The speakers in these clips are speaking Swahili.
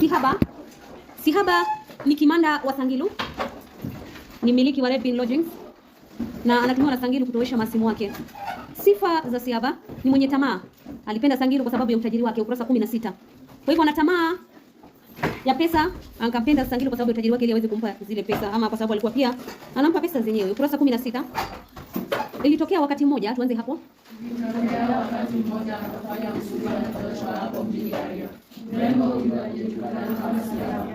Sihaba. Sihaba ni kimanda wa Sangilu, ni mmiliki wa Red Lodging na anatumiwa na Sangilu kutoesha masimu wake. Sifa za Sihaba ni mwenye tamaa. Alipenda Sangilu kwa sababu ya utajiri wake, ukurasa 16. Kwa hivyo ana tamaa ya pesa, akampenda Sangilu kwa sababu ya utajiri wake ili aweze kumpa zile pesa, ama kwa sababu alikuwa pia anampa pesa zenyewe, ukurasa 16. Ilitokea wakati mmoja, tuanze hapo. Ilitokea wakati mmoja kutoka hapo mjini Mrembo huyu aliyejulikana kama Siama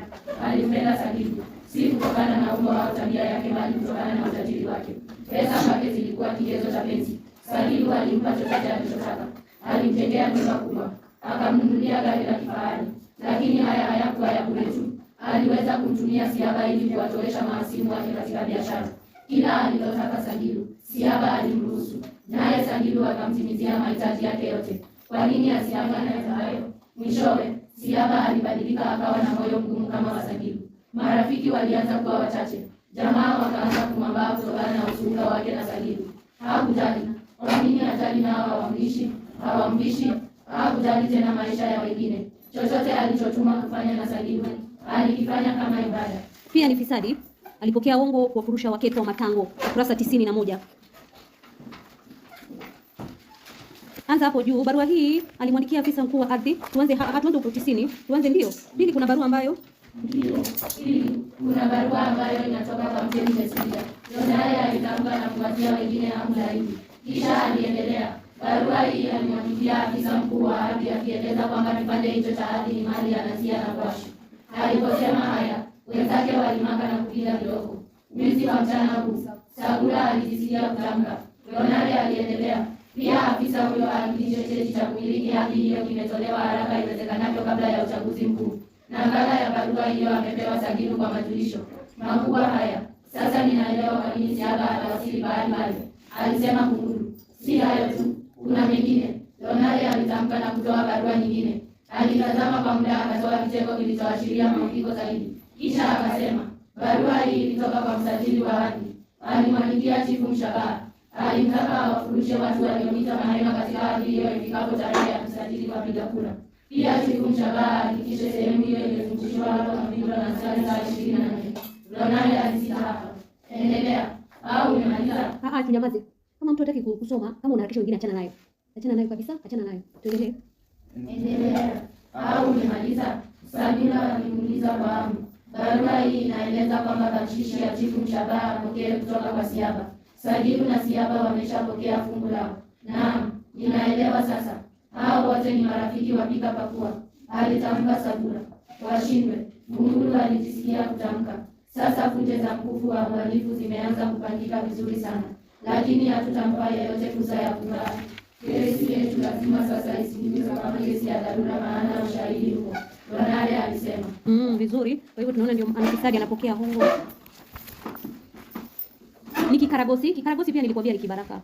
alimpenda Salimu si kutokana na umbo au tabia yake, bali kutokana na utajiri wake. Pesa zake zilikuwa kigezo cha penzi. Salimu alimpa chochote alichotaka, alimjengea nyumba kubwa, akamnunulia gari la kifahari, lakini haya hayakuwa ya bure tu. Aliweza kumtumia Siaba ili kuwatolesha mahasimu wake katika biashara. Kila alilotaka sagilu Siaba alimruhusu, naye sagilu akamtimizia mahitaji yake yote. Kwa nini na hayo? Mwishowe Siaba alibadilika akawa na moyo mgumu kama Wasabibu. Marafiki walianza kuwa wachache, jamaa wakaanza kumwambaa kutokana na ushuhuda wake na Sagilu. Hakujali. kwa nini ajali nao hawamlishi hawamlishi. Hakujali tena maisha ya wengine. Chochote alichotuma kufanya na Sagilu alikifanya kama ibada. Pia ni fisadi. Alipokea ongo kwa kurusha wa matango, ukurasa tisini na moja. Anza hapo juu. Barua hii alimwandikia afisa mkuu wa ardhi. Tuanze hapa, tuanze huko tisini. Tuanze ndio. Pili kuna barua ambayo ndio. Pili kuna barua ambayo inatoka kwa mzee Mjasilia. Naye alitamka na kuwatia wengine hamu hizi. Kisha aliendelea. Barua hii alimwandikia afisa mkuu wa ardhi akieleza kwamba kipande hicho cha ardhi ni mali ya Nasia na Kwashu. Aliposema haya, wenzake walimaka na kupiga kidogo. Mwizi wa mchana huu, Sagula alijisikia kutamka. Leonare aliendelea pia afisa huyo ahakikishe cheti cha kumiliki hati hiyo kimetolewa haraka iwezekanavyo kabla ya uchaguzi mkuu. Nakala ya barua hiyo amepewa Sagilu kwa majulisho makubwa haya. Sasa ninaelewa kwa nini Siaba atawasili bahali pale, alisema Kunguru. Si hayo tu, kuna mengine, Donali alitamka na kutoa barua nyingine. Alitazama kwa muda, akatoa kicheko kilichoashiria maandiko zaidi, kisha akasema, barua hii ilitoka kwa msajili wa hati, alimwandikia Chifu Mshabaha alimtaka awafundishe watu waliopita mahema katika ardhi hiyo ifikapo tarehe ya kusajili kwa piga kura. Pia siku mshabaha ahakikishe sehemu hiyo imefundishwa watu wamapindwa na askari saa ishirini na nne. Ronali alisita hapa. Endelea au umemaliza? Ah, ah kinyamaze. Kama mtu hataki kusoma, kama unaharakisha wengine, achana nayo, achana nayo kabisa, achana nayo. Tuendelee. Endelea au umemaliza? Sabina alimuuliza kwa amu. Barua hii inaeleza kwamba bakshishi ya chifu mshabaha pokee kutoka kwa Siaba Sagilu na Siaba wameshapokea fungu lao. Naam, ninaelewa sasa. Hao wote ni marafiki wapika pakua, alitamka Sabura. Washindwe, Gungulu alijisikia kutamka. Sasa punje za mkufu wa uhalifu zimeanza kupangika vizuri sana, lakini hatutampa yeyote fursa ya kukaa. Kesi yetu lazima sasa isikilizwe kama kesi ya dharura, maana ushahidi huo, Ronale alisema. Mm, vizuri. Kwa hivyo tunaona ndio anafisadi anapokea hongo ni kikaragosi. Kikaragosi pia nilikwambia ni kibaraka.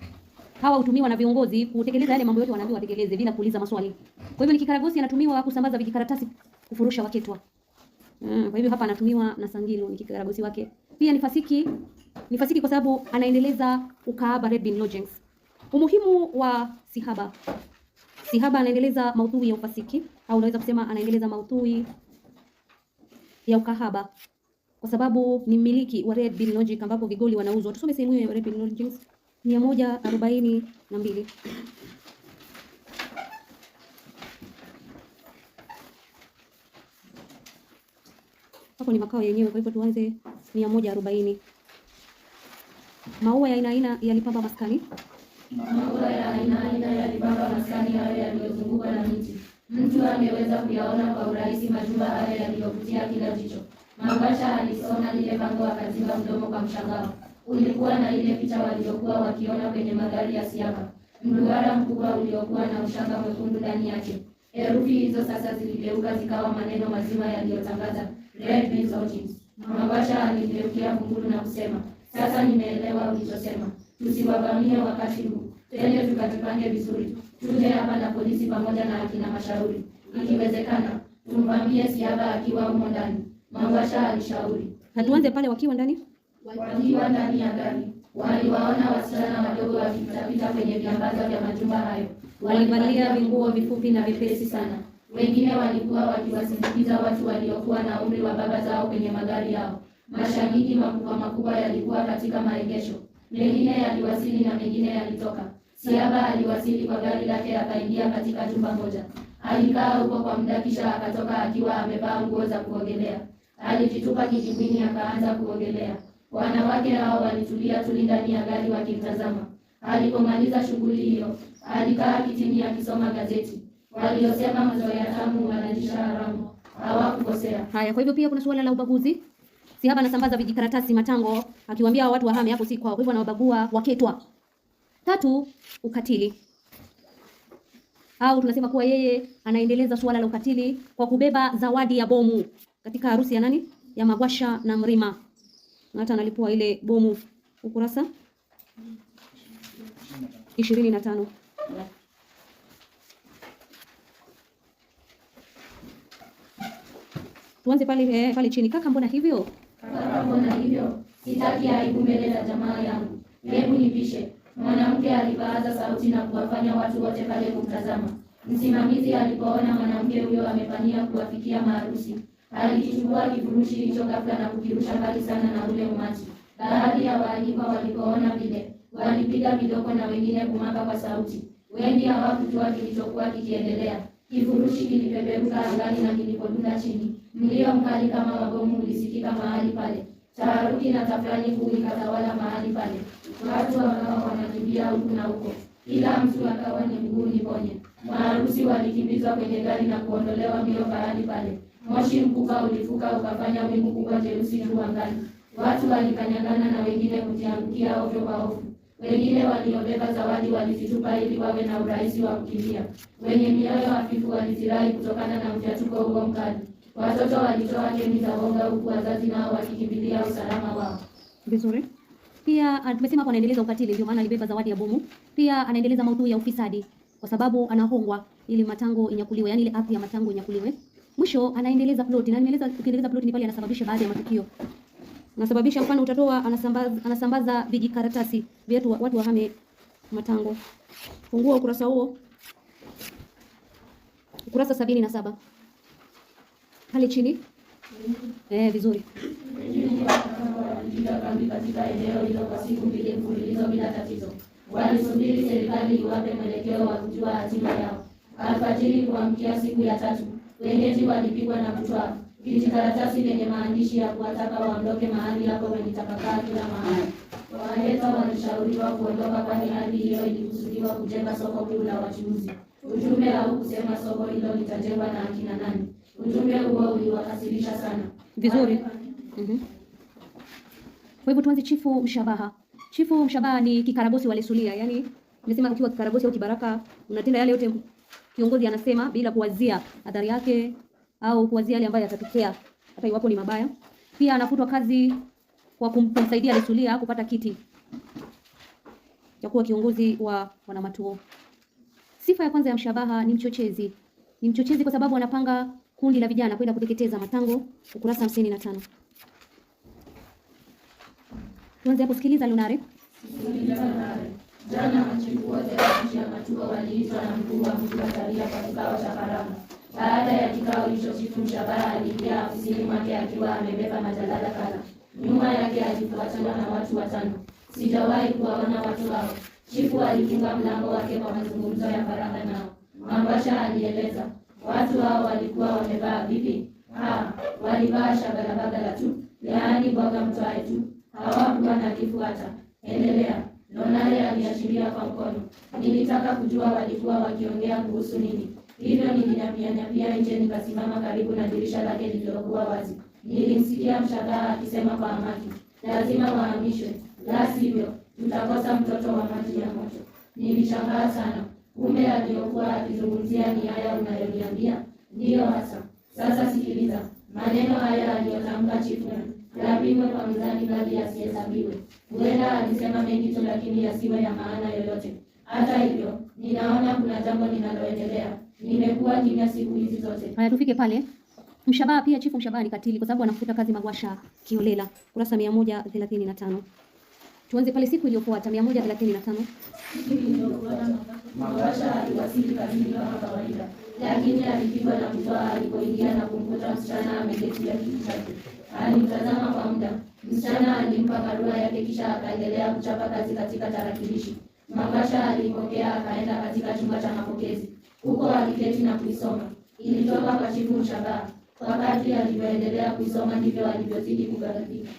Hawa hutumiwa na viongozi kutekeleza yale mambo yote wanaambiwa watekeleze bila kuuliza maswali. Kwa hivyo ni kikaragosi anatumiwa kusambaza vijikaratasi kufurusha waketwa. Mm, kwa hivyo hapa anatumiwa na Sangilu ni kikaragosi wake. Pia ni fasiki. Ni fasiki kwa sababu anaendeleza ukaaba Red Bean Lodgings. Umuhimu wa sihaba. Sihaba anaendeleza maudhui ya ufasiki au unaweza kusema anaendeleza maudhui ya ukahaba kwa sababu ni mmiliki wa Red Bill Logic ambapo vigoli wanauzwa. Tusome sehemu hiyo ya Red Bill Logic 142. Hapo ni makao yenyewe, kwa hivyo tuanze 140. Maua ya aina aina yalipamba maskani. Maua ya aina aina yalipamba maskani hayo yaliyozungukwa na miti. Mtu ameweza kuyaona kwa urahisi majumba haya yaliyovutia kila jicho. Mabasha alisoma lile bango akaziba mdomo kwa mshangao. Ulikuwa na ile picha waliokuwa wakiona kwenye magari ya siaba, mduara mkubwa uliokuwa na ushanga mwekundu ndani yake. Herufi hizo sasa ziligeuka zikawa maneno mazima yaliyotangaza Red Bean Sorting. Mabasha aligeukia Kunguru na kusema, sasa nimeelewa ulichosema, tusiwavamie wakati huu, twende tukatipange vizuri, tuje hapa na polisi pamoja na akina mashauri, ikiwezekana tumvamie Siaba akiwa humo ndani. Mabasha alishauri na tuanze pale, wakiwa ndani wakiwa ndani ya gari waliwaona wasichana wadogo wakipitapita kwenye viambaza vya majumba hayo. Walivalia vinguo vifupi na vipesi sana. Wengine walikuwa wakiwasindikiza watu waliokuwa na umri wa baba zao kwenye magari yao. Mashahidi makubwa makubwa yalikuwa katika maegesho, mengine yaliwasili na mengine yalitoka. Siaba aliwasili kwa gari lake, akaingia katika jumba moja. Alikaa huko kwa muda, kisha akatoka akiwa amevaa nguo za kuogelea. Alijitupa kijimbini akaanza kuogelea. Wanawake hao walitulia tuli ndani ya gari wakimtazama. Alipomaliza shughuli hiyo, alikaa kitini akisoma gazeti. Waliosema mazoea tamu wanalisha haramu hawakukosea. Haya, kwa hivyo pia kuna suala la ubaguzi. Si hapa anasambaza vijikaratasi matango akiwaambia watu wahame hapo si kwao. Kwa hivyo anawabagua waketwa. Tatu, ukatili au tunasema kuwa yeye anaendeleza suala la ukatili kwa kubeba zawadi ya bomu katika harusi ya nani ya Magwasha na Mrima, na hata analipua ile bomu ukurasa ishirini na tano. Tuanze pale eh, pale chini. Kaka, mbona hivyo? Kaka, mbona hivyo? Sitaki aibu mbele za jamaa yangu, hebu nipishe. Mwanamke alipaza sauti na kuwafanya watu wote pale kumtazama. Msimamizi alipoona mwanamke huyo amefania kuwafikia maharusi Alikichukua kifurushi hicho ghafla na kukirusha mbali sana na ule umati. Baadhi ya waalikwa walipoona vile, walipiga midoko na wengine kumaka kwa sauti. Wengi hawakujua kilichokuwa kikiendelea. Kifurushi kilipeperuka angani na kilipodunda chini, mlio mkali kama wabomu ulisikika mahali pale. Taharuki na tafrani kuu ikatawala mahali pale, watu wakawa wanakimbia huku na huko, kila mtu akawa ni mguu ni ponye. Maharusi walikimbizwa kwenye gari na kuondolewa mbio mahali pale. Moshi mkubwa ulifuka ukafanya wingu kubwa jeusi juu angani. Watu walikanyagana na wengine kujiangukia ovyo kwa ovyo. Wengine waliobeba zawadi walizitupa ili wawe na urahisi wa kukimbia. Wenye mioyo hafifu walizirai kutokana na mjatuko huo mkali. Watoto walitoa kemi za woga, huku wazazi nao wakikimbilia usalama wao. Vizuri. Pia ah, tumesema hapo anaendeleza ukatili, ndio maana alibeba zawadi ya bomu. Pia anaendeleza maudhui ya ufisadi, kwa sababu anahongwa ili matango inyakuliwe, yani ile ardhi ya matango inyakuliwe. Mwisho anaendeleza ploti na nimeeleza, ukiendeleza ploti ni pale anasababisha baadhi ya matukio anasababisha, mfano utatoa, anasambaza, anasambaza vijikaratasi vyetu, watu wahame matango. Fungua ukurasa huo, ukurasa sabini na saba pale chini. Eh, vizuri katika eneo hilo kwa siku mbili mfululizo bila tatizo, walisubiri serikali iwape mwelekeo wa kujua hatima yao. Alfajiri kuamkia siku ya tatu, wenyeji walipigwa na kutwa vijikaratasi vyenye maandishi ya kuwataka waondoke mahali hapo wenitapakaa kila mahali. waheza walishauriwa kuondoka, kwani hali hiyo ilikusudiwa kujenga soko kuu la wachuuzi. Ujumbe au kusema soko hilo litajengwa na akina nani? Ujumbe huo uliwakasirisha sana. Vizuri. Kwa hivyo mhm. tuanze chifu mshabaha. Chifu mshabaha ni kikaragosi walesulia, yaani nimesema ukiwa kikaragosi au kibaraka unatenda yale yote Kiongozi anasema bila kuwazia athari yake au kuwazia yale ambayo yatatokea hata iwapo ni mabaya. Pia anafutwa kazi kwa kumsaidia Lesulia kupata kiti cha kuwa kiongozi wa wanamatuo. Sifa ya kwanza ya Mshabaha ni mchochezi. Ni mchochezi kwa sababu anapanga kundi la vijana kwenda kuteketeza Matango, ukurasa 55. Tuanze hapo, sikiliza Lunare. Sikiliza Lunare. Watuba waliitwa na mkuu wa mji wa Tabia kwa kikao cha faragha. Baada ya kikao hicho, Chifu Mshabaha aliingia ofisini mwake akiwa amebeba majalada kadha, nyuma yake alifuatana na watu watano. Sijawahi kuwaona watu hao. Chifu alifunga mlango wake kwa mazungumzo ya faragha nao. Mambasha alieleza watu hao walikuwa wamevaa vipi? Ha, walivaa shagalabagala tu, yaani bwaga mtwae tu, hawakuwa na kifuata. Endelea. Leonare aliashiria kwa mkono. Nilitaka kujua walikuwa wakiongea kuhusu nini, hivyo nilinyamia nje, nikasimama karibu na dirisha lake lililokuwa wazi. Nilimsikia mshagaa akisema kwa amaki, lazima wahamishwe, la sivyo tutakosa mtoto wa maji ya moto. Nilishangaa sana, kumbe aliyokuwa akizungumzia ni haya unayoniambia? Ndiyo hasa. Sasa sikiliza Maneno haya aliyotamka chifu yapimwe kwa mizani, bali yasihesabiwe. Huenda alisema mengi tu, lakini yasiwe ya maana yoyote. Hata hivyo, ninaona kuna jambo linaloendelea. Nimekuwa kimya siku hizi zote. Haya, tufike pale. Mshabaha pia, chifu Mshabaha ni katili kwa sababu anafuta kazi Magwasha kiolela, kurasa 135. Tuanze pale siku iliyofuata 135. Magwasha aliwasili kazini kama kawaida lakini alipigwa na mtoa alipoingia na kumkuta msichana ameketi ya kiti chake. Alimtazama kwa muda. Msichana alimpa barua yake, kisha akaendelea kuchapa kazi katika tarakilishi. mabasha alipokea, akaenda katika chumba cha mapokezi. Huko aliketi na kuisoma. Ilitoka kwa Kashifu Mshabaha. Wakati alivyoendelea kuisoma, ndivyo alivyozidi kughadhabika.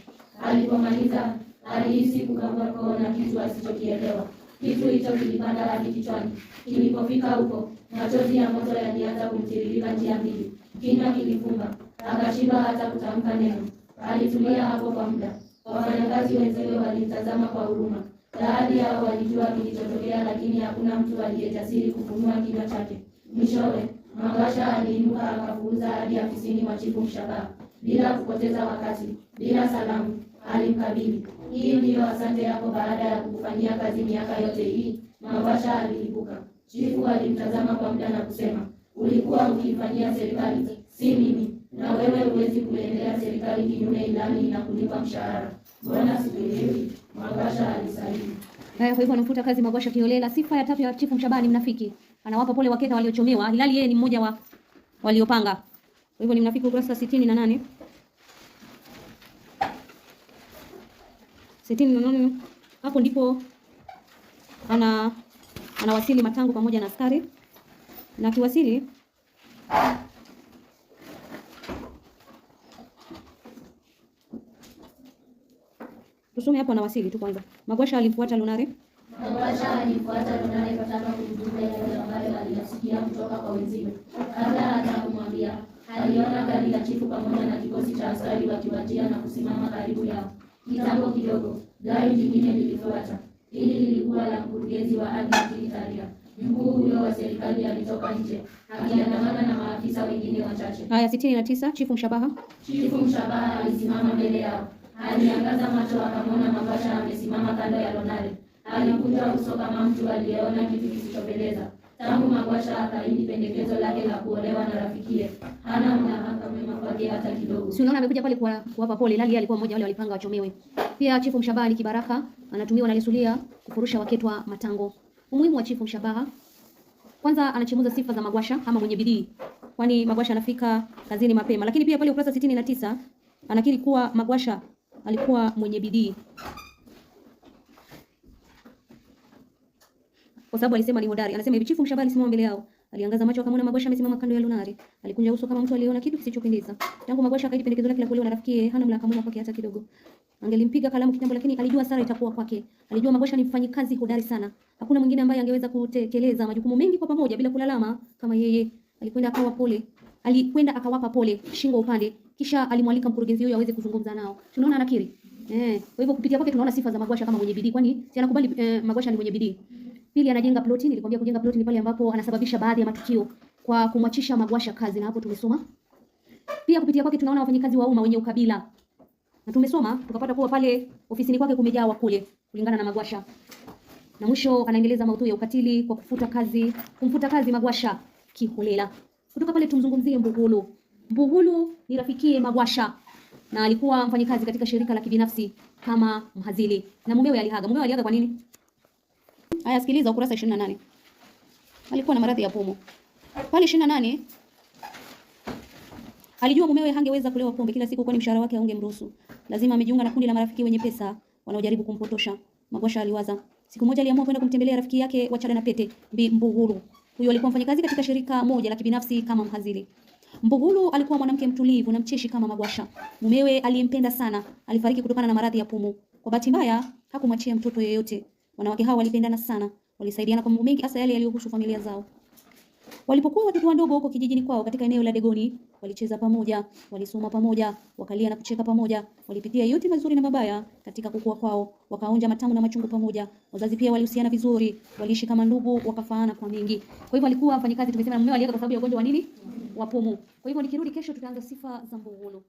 Alipomaliza alihisi kugongwa koo na kitu asichokielewa. Kitu hicho kilipanda hadi kichwani. Kilipofika huko Machozi ya moto yalianza kumtiririka njia mbili, kinywa kilifunga, akashindwa hata kutamka neno. Alitulia hapo kwa muda. Wafanyakazi wenzake walimtazama kwa huruma. Baadhi yao walijua kilichotokea, lakini hakuna mtu aliyejasiri kufunua kinywa chake. Mwishowe Mangwasha aliinuka akafuuza hadi afisini mwa Chifu Mshabaha bila kupoteza wakati, bila salamu alimkabili Hii ndiyo asante yako baada ya kukufanyia kazi miaka yote hii, Mangwasha aliibuka. Chifu alimtazama kwa muda na kusema, ulikuwa ukiifanyia serikali, si mimi, na wewe huwezi kuendelea serikali kinyume ilani na kulipa mshahara. Mbona sikuelewi? Magwasha alisalimu. Haya, kwa hivyo anamfuta kazi Magwasha kiolela. Sifa ya tatu ya Chifu Mshabani, mnafiki, anawapa pole wakeka waliochomewa. Hilali yeye ni mmoja wa waliopanga, kwa hivyo ni mnafiki, ukurasa sitini na nane sitini na nane hapo ndipo ana anawasili Matangu pamoja na askari, na akiwasili tusome hapo, anawasili tu kwanza. Magwasha alimfuata Lunare. Magwasha alifuata Lunare kataka kumjuza yale ambayo aliyasikia kutoka kwa wenziwe. Kabla hata kumwambia, aliona gari la chifu pamoja na kikosi cha askari wakiwajia na kusimama karibu yao. Kitambo kidogo, gari lingine lilifuata. Hili lilikuwa la mkurugenzi wa Agnes Italia. Mkuu huyo wa serikali alitoka nje akiandamana na maafisa wengine wachache. Aya sitini na tisa. Chifu Mshabaha. Chifu Mshabaha alisimama mbele yao, aliangaza macho, akamwona Mabasha amesimama kando ya Lonare. Alikuja uso kama mtu aliyeona kitu kisichopendeza. Tangu magwasha akaini pendekezo lake la kuolewa na rafikie hana mna Si unaona amekuja pale kwa kuwapa pole, Lali alikuwa mmoja wale walipanga wachomewe. Pia Chifu Mshabaha ni kibaraka, anatumiwa na Lesulia kufurusha waketwa matango. Umuhimu wa Chifu Mshabaha, kwanza anachimuza sifa za Magwasha ama mwenye bidii, kwani Magwasha anafika kazini mapema. Lakini pia pale ukurasa 69 anakiri kuwa Magwasha alikuwa mwenye bidii kwa sababu alisema ni hodari. Anasema hivi, Chifu Mshabaha alisimama mbele yao Aliangaza macho akamwona Magwasha amesimama kando ya Lunari. Alikunja uso kama mtu aliona kitu kisichopendeza. Tangu Magwasha akaidi pendekezo lake la kuolewa na rafiki yake, hana mlaka mwema kwake hata kidogo. Angelimpiga kalamu kitambo, lakini alijua Sara itakuwa kwake. Alijua Magwasha ni mfanyikazi hodari sana. Hakuna mwingine ambaye angeweza kutekeleza majukumu mengi kwa pamoja bila kulalama kama yeye. Alikwenda akawa pole. Alikwenda akawapa pole shingo upande. Kisha alimwalika mkurugenzi huyo aweze kuzungumza nao. Tunaona anakiri. Eh, kwa hivyo kupitia kwake tunaona sifa za Magwasha kama mwenye bidii, kwani si anakubali eh, Magwasha ni mwenye bidii. Pili, anajenga ploti. Nilikwambia kujenga ploti ni pale ambapo anasababisha baadhi ya matukio kwa kumwachisha Magwasha kazi, na hapo tumesoma pia. Kupitia kwake tunaona wafanyikazi wa umma wenye ukabila, na tumesoma tukapata kuwa pale ofisini kwake kumejaa wakule kulingana na Magwasha. Na mwisho anaendeleza maudhui ya ukatili kwa kufuta kazi, kumfuta kazi Magwasha kiholela. Kutoka pale tumzungumzie Mbugulu. Mbugulu ni rafikiye Magwasha na alikuwa mfanyikazi katika shirika la kibinafsi kama mhazili, na mumewe aliaga. Mumewe aliaga kwa nini? Aya, sikiliza ukurasa 28. Alikuwa na maradhi ya pumu. Pale 28 alijua mumewe hangeweza kulewa pombe kila siku kwani mshahara wake haungemruhusu. Lazima amejiunga na kundi la marafiki wenye pesa wanaojaribu kumpotosha. Magosha aliwaza. Siku moja aliamua kwenda kumtembelea rafiki yake wa chada na pete, Bi Mbuguru. Huyo alikuwa mfanyakazi katika shirika moja la kibinafsi kama mhadhiri. Mbuguru alikuwa mwanamke mtulivu na mcheshi kama Magwasha. Mumewe aliyempenda sana, alifariki kutokana na maradhi ya pumu. Kwa bahati mbaya, hakumwachia mtoto yeyote. Wanawake hao walipendana sana, walisaidiana kwa mambo mengi, hasa yale yaliyohusu familia zao. Walipokuwa watoto wadogo huko kijijini kwao katika eneo la Degoni, walicheza pamoja, walisoma pamoja, wakalia na kucheka pamoja, walipitia yote mazuri na mabaya katika kukua kwao, wakaonja matamu na machungu pamoja. Wazazi pia walihusiana vizuri, waliishi kama ndugu, wakafaana kwa mingi. Kwa hivyo walikuwa wafanyakazi, tumesema mume aliaga kwa sababu ya ugonjwa wa nini? Wa pumu. Kwa hivyo nikirudi kesho tutaanza sifa za Mbugulu.